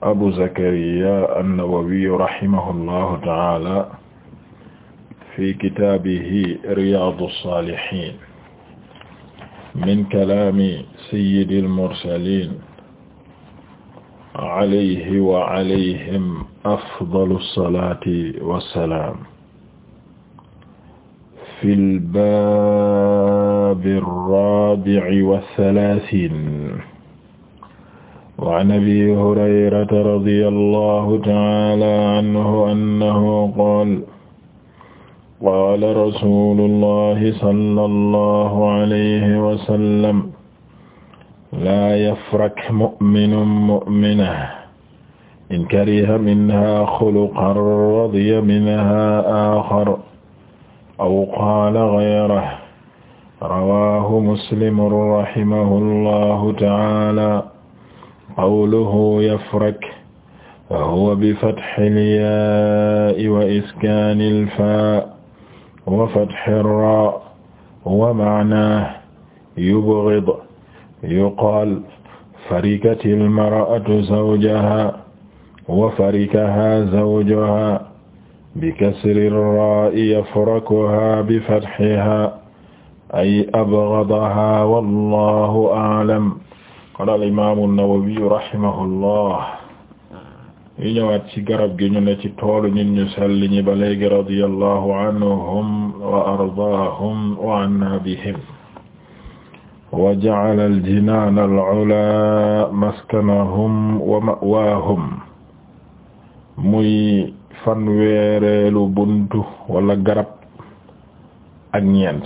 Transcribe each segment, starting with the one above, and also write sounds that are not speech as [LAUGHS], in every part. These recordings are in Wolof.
abu zakariya annawawiyu rahimahullahu taala fi kitaabihi riyaadu saalihiin min kalaami sayyidil mursaliin alayhi wa alayhim afdalu salaati wa salaam fil baabi raabi'i wa salaasiin waan abi hurayrata radiya allahu taala anhu annahu qaala qaala rasuulullahi sallallahu alayhi wa sallam laa yafrak mu'minun mu'minatan in kariha minhaa xuluqan radiya minhaa aaxar aw qaala gayrahu rawaahu muslimun rahimahu allahu taala qawluhu yafrak huwa bi fatxil yaa'i wa iskaanil faa wa fatxir raa wa ma'naahu yubghid yuqaal farikatil mar'atu zawjahaa wa farikahaa zawjuhaa bi kasrir raa'i yafrakuhaa bi fatxihaa ay abghadahaa wallaahu a'lam qaala al imaamu Nawawi rahimahullah yi ñëwaat ci garab gi ñu ne ci toolu ñun ñu sell ñi ba léegi radiyallahu anhum wa ardaahum wa anna bihim wa ja'ala al-jinaana al-'ulaa maskanahum wa ma'waahum muy fanweereelu buntu wala garab ak ñeent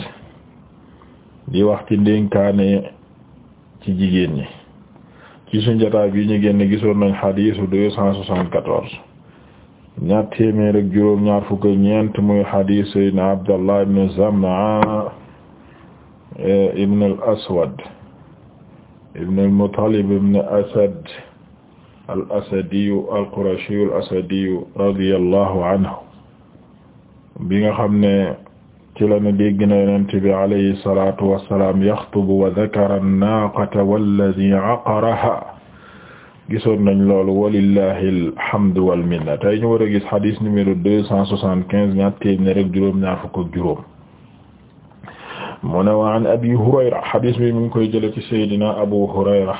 di wax ci ndénkaane ci jigéen ñi ci suñu jotaay bi ñu génn gisoon nañ xadiisu deux cent soixante-quatorze ñaar téeméer ak juróom ñaar fukk ñeent muy xadiis sayyidina Abdallah ibn Zam'a eh, ibn aswad ibn Asad al qurashiyu al-Asadiyu radiyallahu anhu bi nga xam ne ci la ne dégg na yonent bi alayhi salaatu wa salaam yaxtubu wa dakara an-naaqata wallazii aqarahaa gisoon nañ loolu walillahi alhamdu wal minna tey ñu war a gis xadis numéro deux cent soixante quinze ñaar téeméer ak juróom ñaar fukk ak juróom mu ne wa an abi hurayra xadis bi mu ngi koy jële ci saydina abu hurayra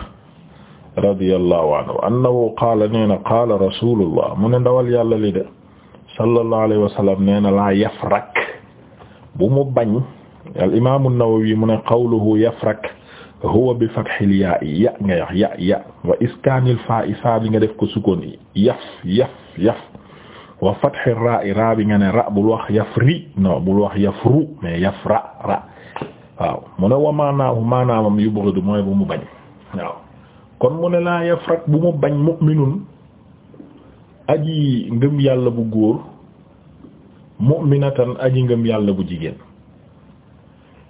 radiyallahu anhu annahu qaala nee na qaala rasulullah mu ne ndawal yàlla li de sallallahu alayhi wa sallam nee na laa yafrak bu mu bañ al imaamu Nawawi mu ne qawluhu yafrak huwa bi fathil yaa ya nga yax ya ya wa iskaanil faa i saa nga def ko sukkoon yaf yaf yaf wa fathir raa i raa bi nga ne ra bul wax yaf ri non bul wax yaf ru mais yaf ra ra waaw mu ne wa maanaahu maanaamam yubghadu mooy bu mu bañ waaw kon mu ne laa yafrak bu mu bañ mu'minun aji ngëm yàlla bu góor mu'minatan aji ngëm yàlla bu jigéen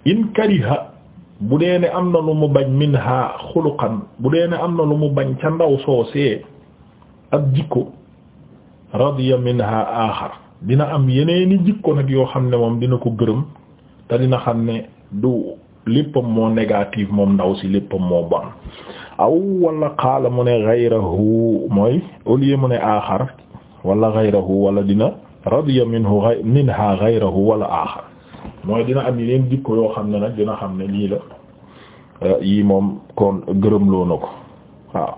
in kariha bu dee ne am na lu mu bañ minha xuluqan bu dee ne am na lu mu bañ ca ndaw soosee ak jikko radiya minha aaxar dina am yeneeni jikko nag yoo xam ne moom dina ko gërëm te dina xam ne du léppam moo négatif moom ndaw si léppam moo bon aw wala xaala mu ne gayrahu mooy au mu ne aaxar wala gayrahu wala dina radiya minhu minha ghayruhu wala axar mooy dina am yeneen jikko yoo xam ne nag dina xam ne lii la eh, yii moom kon gërëmloo na ko waaw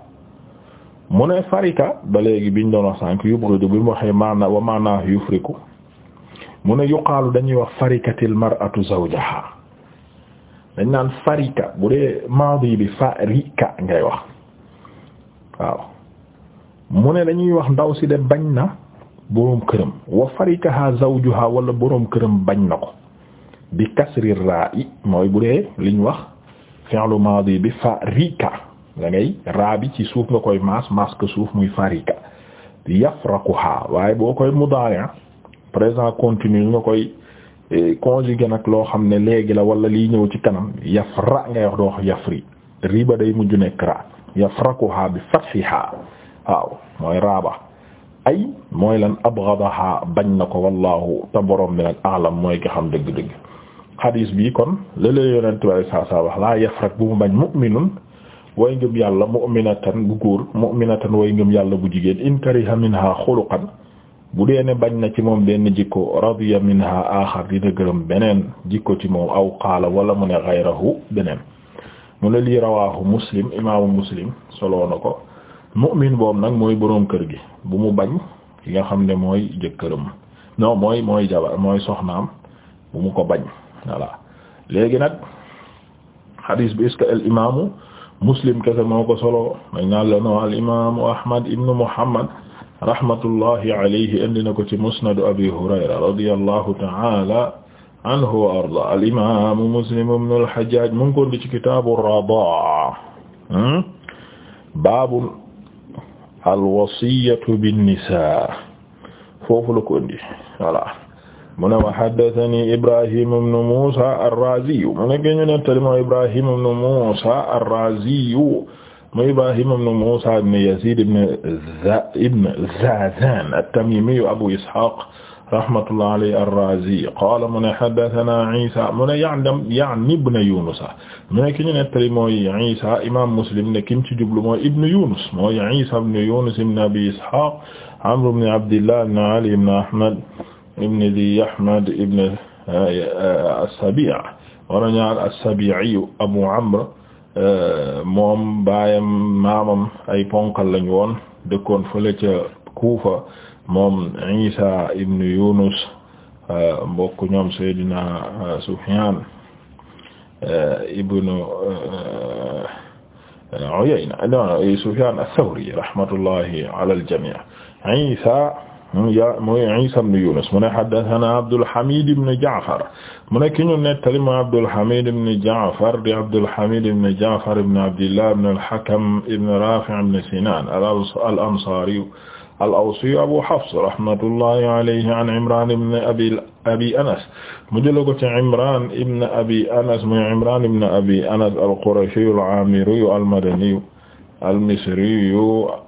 mu ne farika ba léegi biñ doon wax sànq yubghidu bi mu waxee maana wa maana yufriku mu ne yuqaalu dañuy wax farikatil mar'atu zawjaha dañ naan farika bu dee maadi bi farika ngay wax waaw mu ne dañuy wax ndaw si de bañ na boroom këram wa farikaha zawjuha wala boroom këram bañ na ko bi kasri raa mooy bu dee liñ wax fi'lu maadi bi farika da ngay raa ci suuf nga koy maas maas ko suuf muy farika yafraquha waaye boo koy mudaari' ah, présent continu nga koy eh, conjugué nag loo xam ne léegi la wala liy ñëw ci kanam yafra ngay wax doo wax yafri riba day mujj nekk ra yafraquha bi fathiha waaw mooy raaba ay mooy lan abghadaha bañ na ko wallahu te borom bi nag alam mooy ki xam dëgg-dëgg xadiis bi kon lële yonent bi saa saa wax laa yafrak bu mu bañ mu'minun way ngëm yàlla mu'minatan bu góor mu'minatan way ngëm yàlla bu jigéen in kariha minha xuluqan bu dee ne bañ na ci moom benn jikko radiya minha aaxar dina gërëm beneen jikko ci moom aw qaala wala mu ne xayrahu beneen mu ne lii rawaahu muslim imaamu muslim solo na ko mu'min boobu nag mooy boroom kër gi bu mu bañ ki nga xam ne mooy jëkkëram non mooy mooy mooy soxnaam bu mu ko bañ voilà léegi nag xadiis bi est-ce que al imaamu muslim kese moo ko solo dañ naan la no al imaamu ahmad ibnu muhammad rahmatullahi alayhi indi na ko ci musnadu abi hurayra radiyallahu ta'ala anhu wa arda al imaamu muslim ibnu al hajjaaj mu ngi ko indi ci alwasiyatu binnisa foofu la ko indi voilà mu ne wa haddathani Ibrahim ibn Musa ar-Razi mu ne ñu nettali moo Ibrahim ibn Musa ar-Razi mu Ibrahim ibn Musa ibn Yazid ibn Zazan at-Tamimi Abu Ishaq rahmatullah alayhi ar-Razi qaala mu ne haddathana Isa mu ne ya'dam ya'ni ibn Yunus mu ne ki ñu nettali mooy Isa imam Muslim ne kim ci jublu mooy ibn Yunus mooy Isa ibn Yunus ibn Abi Ishaq Amr ibn Abdillah ibn Ali ibn Ahmad ibn Dhi Ahmad ibn eh, as-Sabi' wala ñaar as-Sabi'i Abu Amr eh, moom baayam maamam ay ponkal lañ woon dëkkoon fële ca Kufa moom Isa ibn Yunus euh, mbokk ñoom Seydina euh, Sufyan euh, ibn Uyayna non Sufyan ath-Thawri rahmatullahi ala al-jami' Isa mooy Isa ibn Yunus mu ne haddathana Abdul Hamid ibn Ja'far mu ne ki ñu nettali ma Abdul Hamid ibn Ja'far di Abdul Hamid ibn Ja'far ibn Abdillah ibn al-Hakam ibn Rafi' ibn Sinan al-Ansari al-Awsi Abu Hafs rahmatullahi alayhi an Imran ibn abi abi Anas mu jël ko ci Imran ibn abi Anas muy Imran ibn abi Anas al-Qurashi al-Amiri al-Madani al-Misri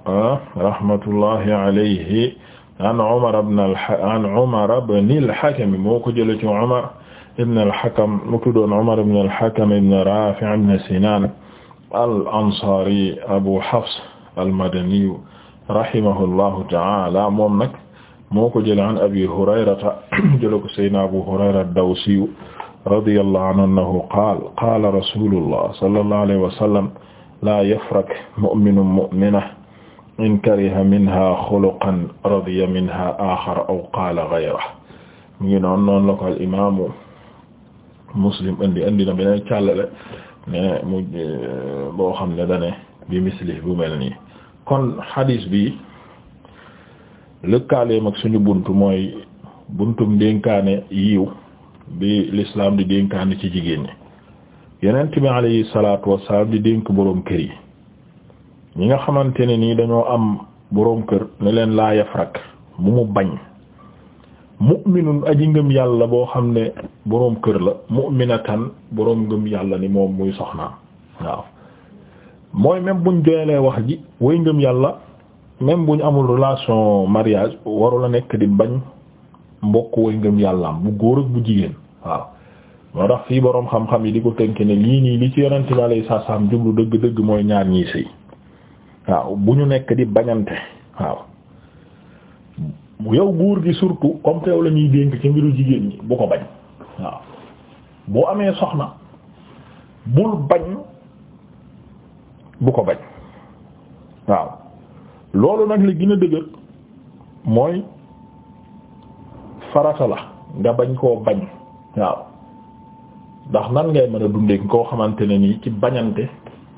ah, rahmatullahi alayhi an Umar ibn an Umar ibn al-Hakam moo ko jël ci Umar ibn al-Hakam mu tuddoon Umar ibn al-Hakam ibn Rafi' ibn Sinan al-Ansari Abu Hafs al-Madani rahimahullahu ta'ala moom nag moo ko jëlee an abi hurayrata [COUGHS] jële ko sayyidina abu hurayra ad-dawsi radiyallahu anhu annahu qaala qaala rasulullah sallallahu alayhi wa sallam laa yafrak mu'minun mu'minatan in kariha minha xuluqan radiya minha axar aw qaala gayrahu mu ngi noonu noonu la ko al imaamu muslim indi indi na beneen càllale ne mu boo xam ne dane bi misli bu mel nii kon xadis bi lëkkaaleem ak suñu bunt mooy buntum dénkaane yiw bi l'islam di dénkaane ci jigéen ñi yonent bi alayhi salaatu wassalaam di dénk boroom kër yi ñi nga xamante ne nii dañoo am boroom kër ne leen laa yafrak bu mu bañ mu'minun aji ngëm yàlla boo xam ne boroom kër la mu'minatan boroom ngëm yàlla ni moom muy soxnaam waaw mooy même buñ joyelee wax ji way ngëm yàlla même buñ amul relation mariage waru la nekk di bañ mbokk way ngëm yàllaam bu góor ak bu jigéen waaw moo tax fii boroom xam-xam yi di ko tënk ne lii nii li ci yonent bi alayhi salaam jublu dëgg-dëgg mooy ñaar ñii sëy waaw bu ñu nekk di bañante waaw yow góor gi surtout comme teew la ñuy dénk ci mbiru jigéen ñi bu ko bañ waaw boo amee soxna bul bañ bu ko bañ waaw loolu nag li gën dëgër mooy farata la nga bañ koo bañ waaw ndax nan ngay mën a dundee koo xamante ne nii ci bañante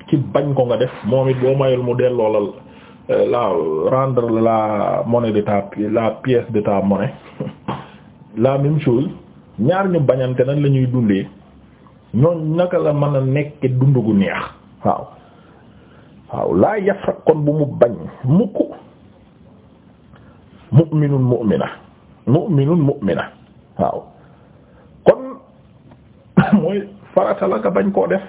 ci bañ ko nga def moom it boo mayul mu delloo la euh, la rendre la monnaie de ta la pièce de ta monnaie [LAUGHS] la même chose ñaar ñu bañante nan lañuy ñuy dundee ñooñ naka la mën a nekk dund gu neex waaw waaw laa yafra kon bu mu bañ mukk mu'minun mu'mina mu'minun mu'mina waaw kon [COUGHS] mooy farata la nga bañ koo def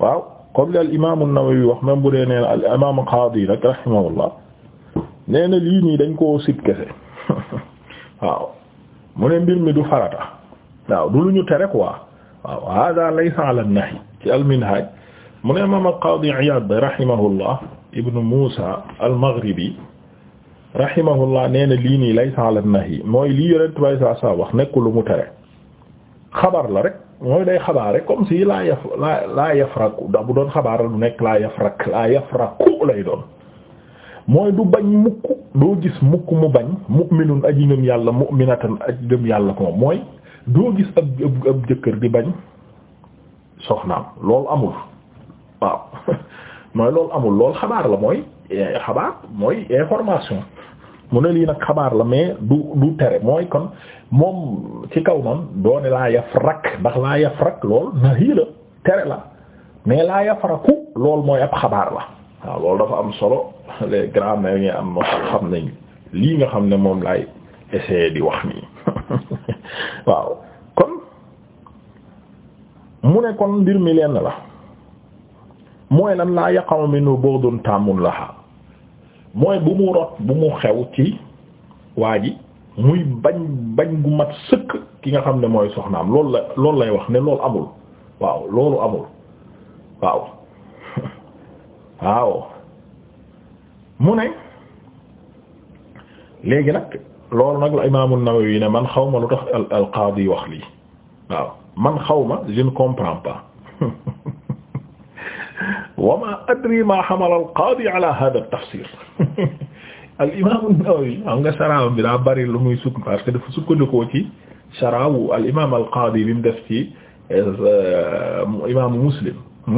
waaw comme li al imaamu Nawawi wax même bu dee nee na al imaamu Qaadi nag rahimahullah nee na lii nii dañ koo sib kese [LAUGHS] waaw mu ne mbir mi du farata waaw du lu ñu tere quoi waaw hada laysa ala ci al minhaj mu ne imaam al-Qaadi Iyaad rahimahullah ibnu Muusa al-Maghribi rahimahullah nee na lii nii laysa ala nahyi mooy lii yonent bay saa saa wax nekkul lu mu tere xabar la rek mooy day xabaar rek comme si laa yaf laa laa yafraku ndax bu doon xabaar la du nekk laa yafrak laa yafraku lay doon mooy du bañ mukk doo gis mukk mu bañ mu'minun aji ngëm yàlla mu'minatan aji ngëm yàlla ko mooy doo gis ab ab ab jëkkër di bañ soxnaam loolu amul waaw [LAUGHS] mooy loolu amul lool xabaar la mooy eh, xabaar mooy information mu ne lii nag xabaar la mais du du tere mooy kon moom ci kaw noonu doone laa yaf rak ndax laa yaf rak lool na hii la tere la mais laa yaf raku lool mooy ab xabaar la waaw loolu dafa am solo [LAUGHS] les grammaires ñu am xam nañ lii nga xam ne moom laay essayer di wax nii [LAUGHS] waaw kon mu ne kon mbir mi lenn la mooy lan laa yaqaw minhu bughdun tàmmun laha mooy bu mu rot bu mu xew ci waa ji muy bañ bañ gu mat sëkk ki nga xam ne mooy soxnaam loolu la loolu lay wax ne loolu amul waaw loolu amul waaw [LAUGHS] waaw mu ne léegi nag loolu nag la imaamu Nawawi ne man xaw ma lu tax al al qaadi wax lii waaw man xaw ma je ne comprends pas [LAUGHS] wa ma adri ma xamala [LAUGHS] al qaadi ala hada al tafsir al imam an-Nawawi xam nga saraam bi daa bari lu muy sukk parce que dafa sukkandikoo ci saraawu al imam al qaadi bi mu def ci euh, imaamu Muslim [LAUGHS]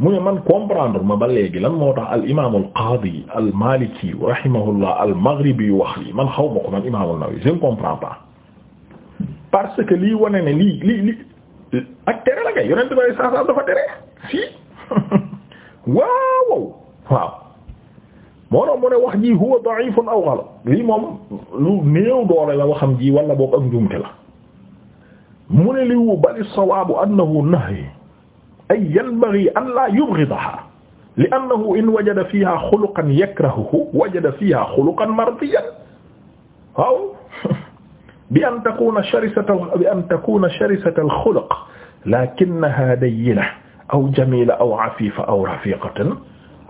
mu ne man comprendre ma ba léegi lan moo tax al imam al qaadi al maliki rahimahullah al maghribi wax lii man xaw ma ko man imam an-Nawawi je ne comprends pas parce que lii wane ne lii lii lii ak tere la kay yonent bi sallallahu alayhi wasallam dafa tere fii [LAUGHS] waaw waaw moo noonu mu ne wax ji huwa da'ifun aw ghalat lii moom lu néew doole la waxam ji wala boog ak njuumte la mu ne li wu bali sawaabu annahu nahyi ay yanbaghi an la yubghidaha li annahu in wajada fiha xuluqan yakrahuhu wajada fiha xuluqan mardiyan waaw [LAUGHS] bi an takuna sharisata bi an takuna sharisata al-xuluq lakinnaha dayyina aw jamila aw afifa aw rafiqatan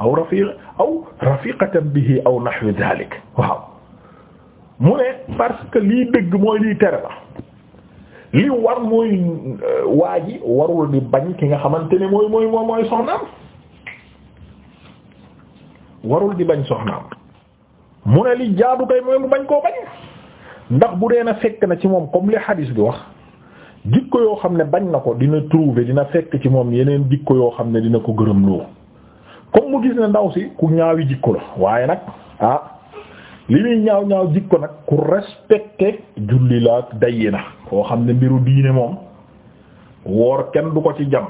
aw rafiq bi rafiqatan bihi aw nahwi dhalik mu ne parce que lii dëgg mooy lii tere la li war mooy euh, waa ji warul di bañ ki nga xamante ne mooy mooy mooy mooy soxnaam warul di bañ soxnaam mu ne li jaadu kay mooy mu bañ koo bañ ndax bu dee na fekk na ci moom comme li hadis bi wax jikko yoo xam ne bañ na ko dina trouver dina fekk ci moom yeneen jikko yoo xam ne dina ko gërëm loo comme mu gis ne ndaw si ku ñaawi jikko la waaye nag ah li muy ñaaw ñaaw jikko nag ku respecté julli la ak na koo xam ne mbiru diine moom woor kenn du ko ci jam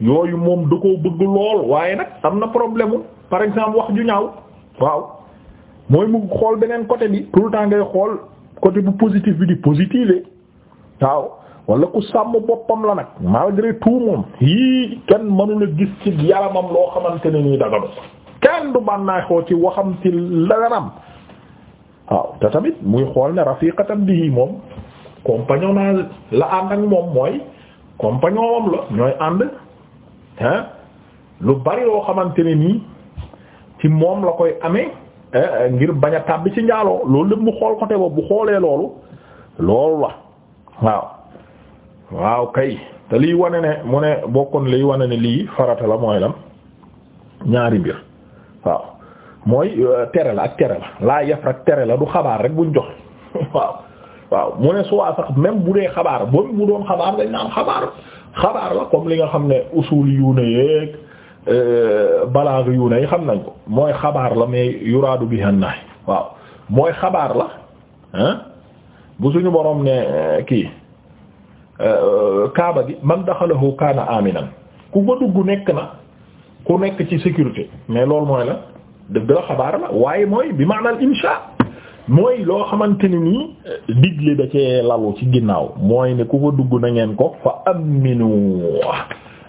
yooyu moom du ko bëgg lool waaye nag am na problème par exemple wax ju ñaaw waaw mooy mu xool beneen côté bi tout le temps ngay xool côté bu positif bi di positive waaw wala ku sàmm boppam la nag malgré tout moom yii kenn mënula gis ci yaramam loo xamante ne nii daganu kenn du bànnaaxoo ci waxam ci daganam waaw te tamit muy xool ne rafiqatan bihi moom compagnon naa la ànd ak moom mooy compagnon moom la ñooy ànd ah lu bari loo xamante ne nii ci moom la koy ame eh, eh, ngir bañ a tàbbi ci njaaloo loolu lépp mu xool côté boobu bu xoolee loolu loolu la waaw waaw kay te liy wane ne mu ne bokkoon liy wane ne lii farata la mooy lan ñaari mbir waaw mooy euh, tere la ak tere la laa yaf rek tere la du xabaar rek buñ joxe [LAUGHS] waaw waaw mu ne suwaa sax même bu dee xabaar boobu bu doon xabaar dañ naan xabaar xabaar la li nga xam ne usul yu ne yeeg euh, balaag xam nañ ko mooy xabaar la mais yuraadu bi hannaay waaw mooy xabaar la hein bu suñu borom ne euh, kii Euh, kaaba bi man daxalahu kaana aminan ku ko dugg nekk na ku nekk ci sécurité mais loolu mooy la dëgg la xabaar la waaye mooy bi maanaam insha mooy loo xamante ni nii euh, digle da cee lalu ci ginnaaw mooy ne ku ko dugg na ngeen ko fa aminu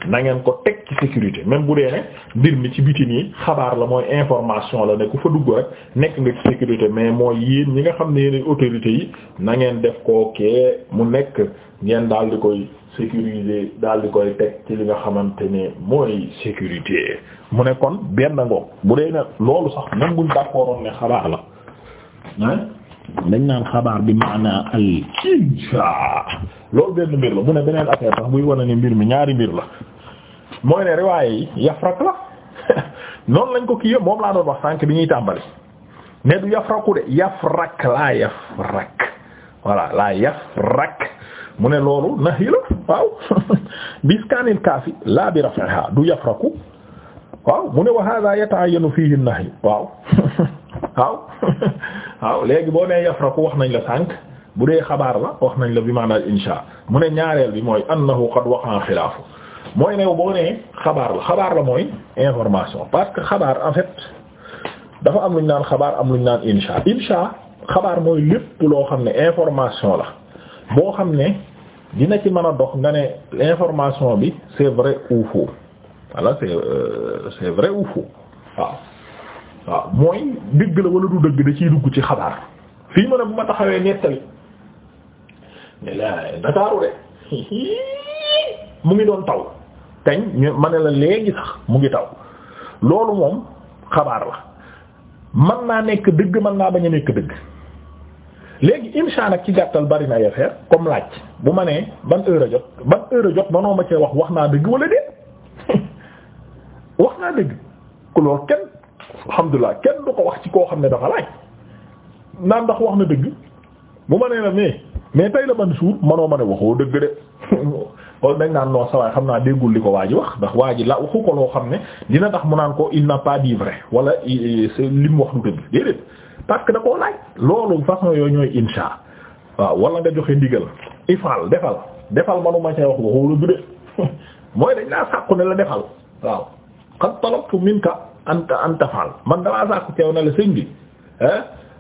nangeen ko teg ci sécurité même bu dee ne mbir mi ci biti nii xabaar la mooy information la ne ku fa dugg rek nekk nga ci sécurité mais mooy yéen ñi nga xam ne yéen autorités yi nangeen def koo kee mu nekk ngeen daal di koy sécuriser daal di koy teg ci li nga xamante ne mooy sécurité mu ne kon benn ngoog bu dee ne loolu sax même buñ ne xabaar la ah dañ naan xabaar bi maana al kinja loolu benn mbir la mu ne beneen affaire sax buy wane ne mbir mi ñaari mbir la mooy ne riwaaye yi yafrak la [LAUGHS] noonu lañ ko kii moom laa doon wax sànk bi ñuy tàmbali ne du yafraku de yafrak laa yafrak voilà laa yafrak mu ne loolu nahi la waaw [LAUGHS] biskaanil kaafi laa bi rafiha du yafraku waaw mu ne wa hadha yata'ayyanu fihi nahi waaw [LAUGHS] waaw waaw léegi boo nee yafraku wax nañ la sànk bu dee xabaar la wax nañ la bi maanaam insha mu ne ñaareel bi mooy annahu qad waqa'a xilaafu mooy new boo nee xabaar la xabaar la mooy information parce que xabaar en fait dafa am lu ñu naan xabaar am lu ñu naan insha insha xabaar mooy lépp loo xam ne information la boo xam ne dina ci mën a dox nga ne information bi c'est vrai ou faux euh, waaw mooy dëgg la wala du dëgg da ciy dugg ci xabaar fii ma ne bu ma taxawee nettali Ndakaaru de [LAUGHS] mu ngi doon taw kañ ma ne la léegi sax mu ngi taw loolu moom xabaar la man naa nekk dëgg man naa bañ a nekk dëgg léegi insha nag ci gàttal bari na ay comme laaj bu ma nee ban heure a jot ban heure a jot manoo ma cee wax wax naa dëgg wala déet [LAUGHS] wax naa dëgg ku loolu kenn alhamdulilah kenn du ko wax ci koo xam ne dafa laaj naan ndax wax na dëgg bu ma nee la mais mais tey la ban suur manoo ma ne waxoo dëgg de [LAUGHS] kon dañ naan noo sawaay xam naa déggul li ko waa ji wax ndax waa ji la waxu ko loo xam ne dina tax mu naan ko il n'a pas dit vrai wala li mu wax du dëgg déedéet parce que da koo laaj loolu façon yooyu ñooy insha waaw wala nga joxe ndigal ifal defal defal manuma cay wax waxula bu de [LAUGHS] mooy dañ laa sàkku ne la defal waaw qad talabtu minka anta anta faal man damaa sàkku ceew na la sëñ bi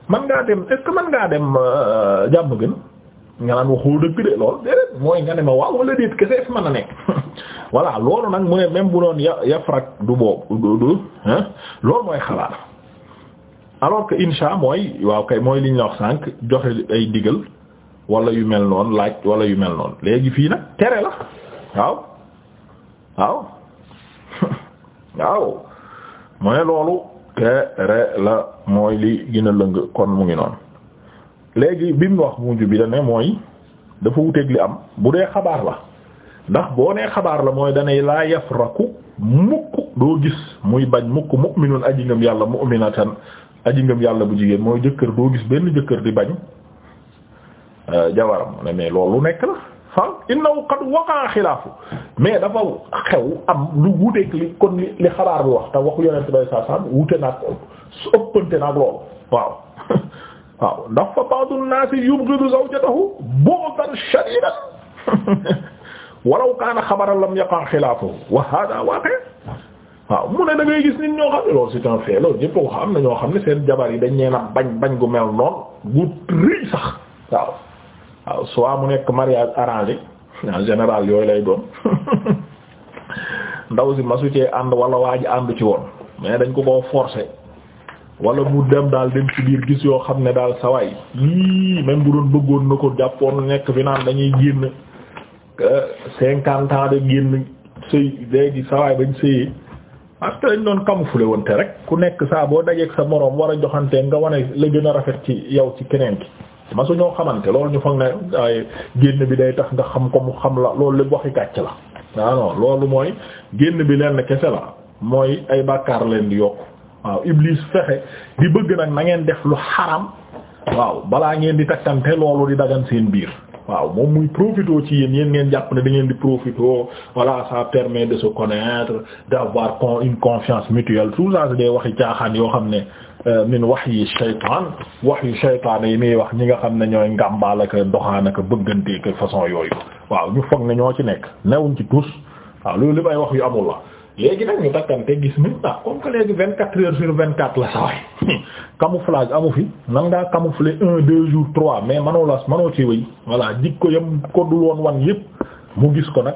man ngaa dem est-ce que man ngaa dem euh, jàmm gën nga naan waxoo dëgg de loolu déedéet mooy nga ne ma waaw wala déet kese fi mën a nekk [LAUGHS] voilà loolu nag mu ne même bu doon ya yafrak du boobu du loolu mooy xalaat alors que insha mooy waaw kay mooy li ñu wax sànq joxe ay digal wala yu mel noonu laaj wala yu mel noonu léegi fii nag tere la waaw waaw [LAUGHS] waaw mu ne loolu tere la mooy li gën a lëng kon mu ngi noonu. léegi bi mu wax mujj bi ne mooy dafa wuteeg li am bu dee xabaar la ndax boo nee xabaar la mooy danay laa yafraku mukk doo gis muy bañ mukk mu'minun aji ngëm yàlla mu aji ngëm yàlla bu jigéen mooy jëkkër doo gis benn jëkkër di bañ euh, jawaram ne mais loolu nekk la ah innahu qad xilaafu mais dafa xew am lu wuteeg li kon li xabaar bi wax te waxu yonent bay saa saan wute naag ëppante naag loolu waaw [LAUGHS] waaw ndax fa ba'du naasi yubghidu zawjatahu bughdan shadiidan [LAUGHS] walaw kaana xabaran lam yaqa' xilaafuhu wa haadaa waaqi' waaw mu ne da ngay gis nit ñoo xam ne loolu c'est un fait loolu ñëpp wax am na ñoo xam ne seen jabar yi dañ neena bañ bañ gu mel noonu gu rëy sax waaw waaw soit mu nekk mariage arrangé en général yooyu lay doon [LAUGHS] ndaw si masu ànd wala waa ji ànd ci woon mais dañ ko koo forcer. wala mu dem daal dem ci biir gis yoo xam ne daal sawaay yii même bu doon bëggoon na ko jàppoon nekk fi naan dañuy génn euh, cinquante ans de génn sëy léegi sawaay bañ sëyee parce que dañ doon camoufler wante rek ku nekk saa boo dajeeg sa moroom war a joxante nga wane la gën a rafet ci yow ci keneen gi ma su ñoo xamante loolu ñu foog ne génn bi day tax nga xam ko mu xam la loolu lépp waxi gàcc la waaw loolu mooy génn bi lenn kese la mooy ay bàkkaar leen di yokk waaw Iblis fexe di bëgg nag na ngeen def lu xaram waaw balaa ngeen di takkante loolu di daggan seen biir waaw moom muy profitoo ci yéen yéen ngeen jàpp ne da ngeen di profitoo voilà ça permet de se connaître d'avoir une confiance mutuelle tout ça c'est des waxi caaxaan yoo xam ne wax euh, min waxyi shaytaan waxyu shaytaan yi muy wax ñi nga xam ne ñooy ngàmbaal ak doxaan ak bëggante ak façon yooyu waaw ñu foog ne ñoo ci nekk newuñ ci tous waaw loolu li may wax yu amul la léegi nag ñu takkante gis nañ ah comme que léegi vingt quatre heures sur vingt quatre la saway [LAUGHS] camouflage amu fi nanga ngaa camoufler un deux jours trois mais manoo las manoo ci wéy voilà jikko yam ko dul woon wan yëpp mu gis ko nag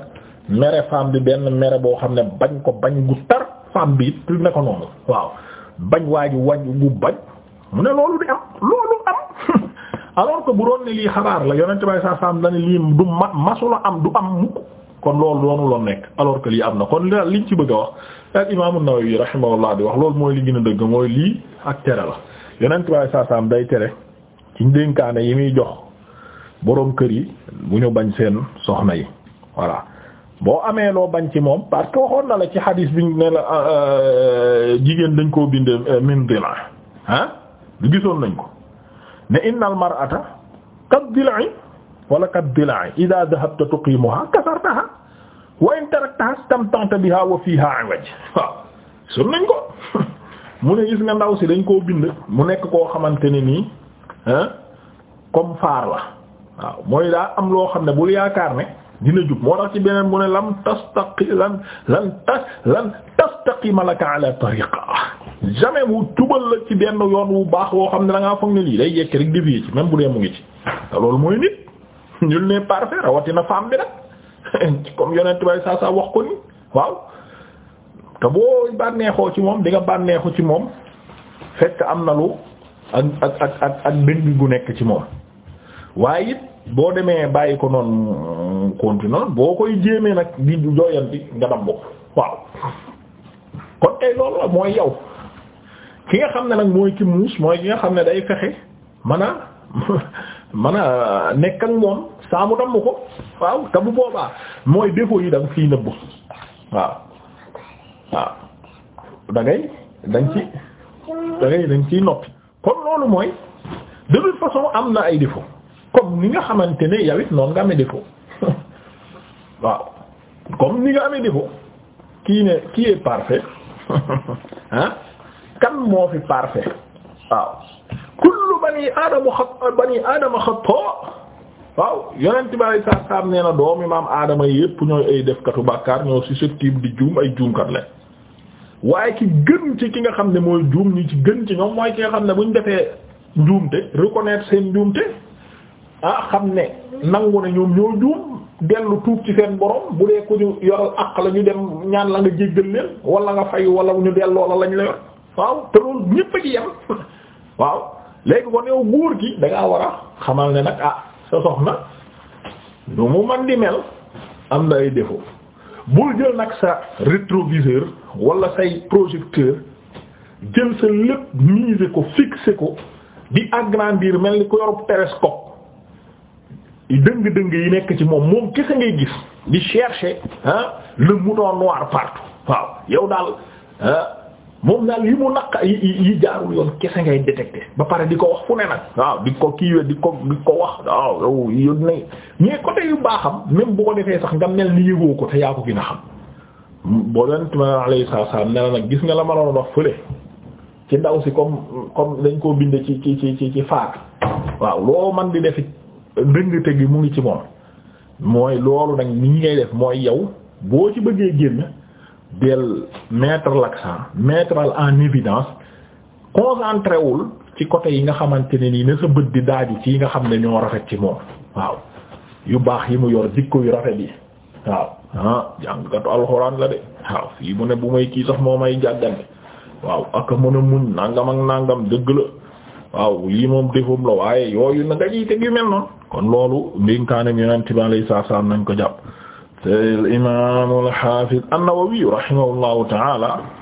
mere femme bi benn mere boo xam ne bañ ko bañ gu tar femme bi it ne ko noonu waaw bañ waa ji wañ gu bañ mu ne loolu di am loolu am [LAUGHS] alors que bu doon ne lii xabaar la yonent bay sa sam dane lii du ma masula am du am kon loolu doonu loon nekk alors que yi am na kon liñ ci bëgg a wax ak imaam an-Nawawi rahimahullah di wax loolu mooy li gën a dëgg mooy lii ak tere la yeneen tubaab saa saam day tere ci dénkaane yi muy jox boroom kër yi bu ñu bañ seen soxna yi voilà boo amee loo bañ ci moom parce que waxoon na la ci xadiis bi ne la euh, euh, jigéen dañ koo bind euh, min dila ah du gisoon nañ ko ne innal mar'ata kad dil'i wala kat dilaa ida dahabta tuqimuha kasartaha wa in taraktaha istamta'ta biha wa fiha awaj waaw sur nañ ko [LAUGHS] mu ne gis nga ndaw si dañ koo bind mu nekk koo xamante ne nii comme faar la waaw mooy daa am loo xam ne bul yaakaar ne dina jub moo tax ci beneen mu ne lam tastaqi lan lan tas lan tastaqima laka ala tariqa jamais mu tubal la ci benn yoon wu baax woo xam ne da ngaa foog ne lii day yekk rek dévier ci même bu dee mu ngi ci loolu mooy nit ñun [LAUGHS] ne parfait rawatina femme bi nag [LAUGHS] comme yonent bay saa saa wax ko ni waaw te boo bànneexoo ci moom di nga bànneexu ci moom fekk am na lu ak ak nekk ci moom waaye it boo demee bàyyi ko noonu mm, continuer boo koy jéemee nag di jooyanti nga dam bopp waaw kon tey loolu la mooy yow ki nga xam ne nag mooy ki muus mooy ki nga xam ne day fexe man a [LAUGHS] man a nekk ak moom saa mu damm ko waaw te bu boobaa mooy défaut yi da fii fiy nëbbu waaw waaw da ngay ci da ngay da noppi kon loolu mooy de toute façon am na ay défaut comme ni nga xamante ne yow it noonu nga amee défaut [LAUGHS] waaw comme ni nga amee défaut kii ne kii est parfait [LAUGHS] ah kan moo fi parfait waaw bani aadama xat bani aadama xattaa waaw yonent bi alay saat salaam nee na doomi maam aadama yépp ñooy ay defkatu bàkkaar ñoo susceptible di juum ay juumkat la waaye ki gën ci ki nga xam ne mooy juum ñu ci gën ci ñoom mooy ki nga xam ne bu ñu defee njuumte reconnaître seen njuumte ah xam ne nangu ne ñoom ñoo juum dellu tuub ci seen borom bu dee ku ñu yoral àq la ñu dem ñaan la nga jéggal leen wala nga fay wala ñu delloo la lañ la yor waaw [LAUGHS] léegi kon yow góor gi da ngaa war a xamal ne nag ah sa soxna lu mu man di mel am na ay défaut bul jël nag sa rétroviseur wala say projecteur jël sa lépp miser ko fixer ko di agrandir mel ni ko yorub télescope dëng-dëng yi nekk ci moom moom kese ngay gis di chercher ah le mouton noir partout waaw yow daal ah, moom daal yi mu naq yi jaarul yoon kese ngay détecté ba pare di ko wax fu ne nag waaw di ko kiiwee di ko di ko wax waaw yow yónni nañ mais côté yu baaxam même boo ko defee sax nga mel ni yëgoo ko te yaa ko gën a xam. boo doon tubaab salaam ne nag gis nga la ma doon wax fële ci ndaw si comme comme dañ koo bind ci ci ci ci ci faat waaw loo man di def it dëngate gi mu ngi ci moom mooy loolu nag ni ngay def mooy yow boo ci bëggee génn. del mettre l'accent mettre en évidence concentré wul ci côté yi nga xamante ne nii na sa bët di daaju ci yi nga xam ne ñoo rafet ci moom waaw yu baax yi mu yor jikko yu rafet yi waaw ah jàngkatu alxuraan la de waaw fii mu ne bu may kii sax moo may jàggante waaw ak mën a muñ nangam ak dëgg la waaw lii moom defum la waaye yooyu na nga jiy teg yu mel noonu kon loolu ndénkaane yonent bi alayhi salaam nañ ko jàpp tey al imaam al xaafid an-Nawawi rahimahullahu ta'ala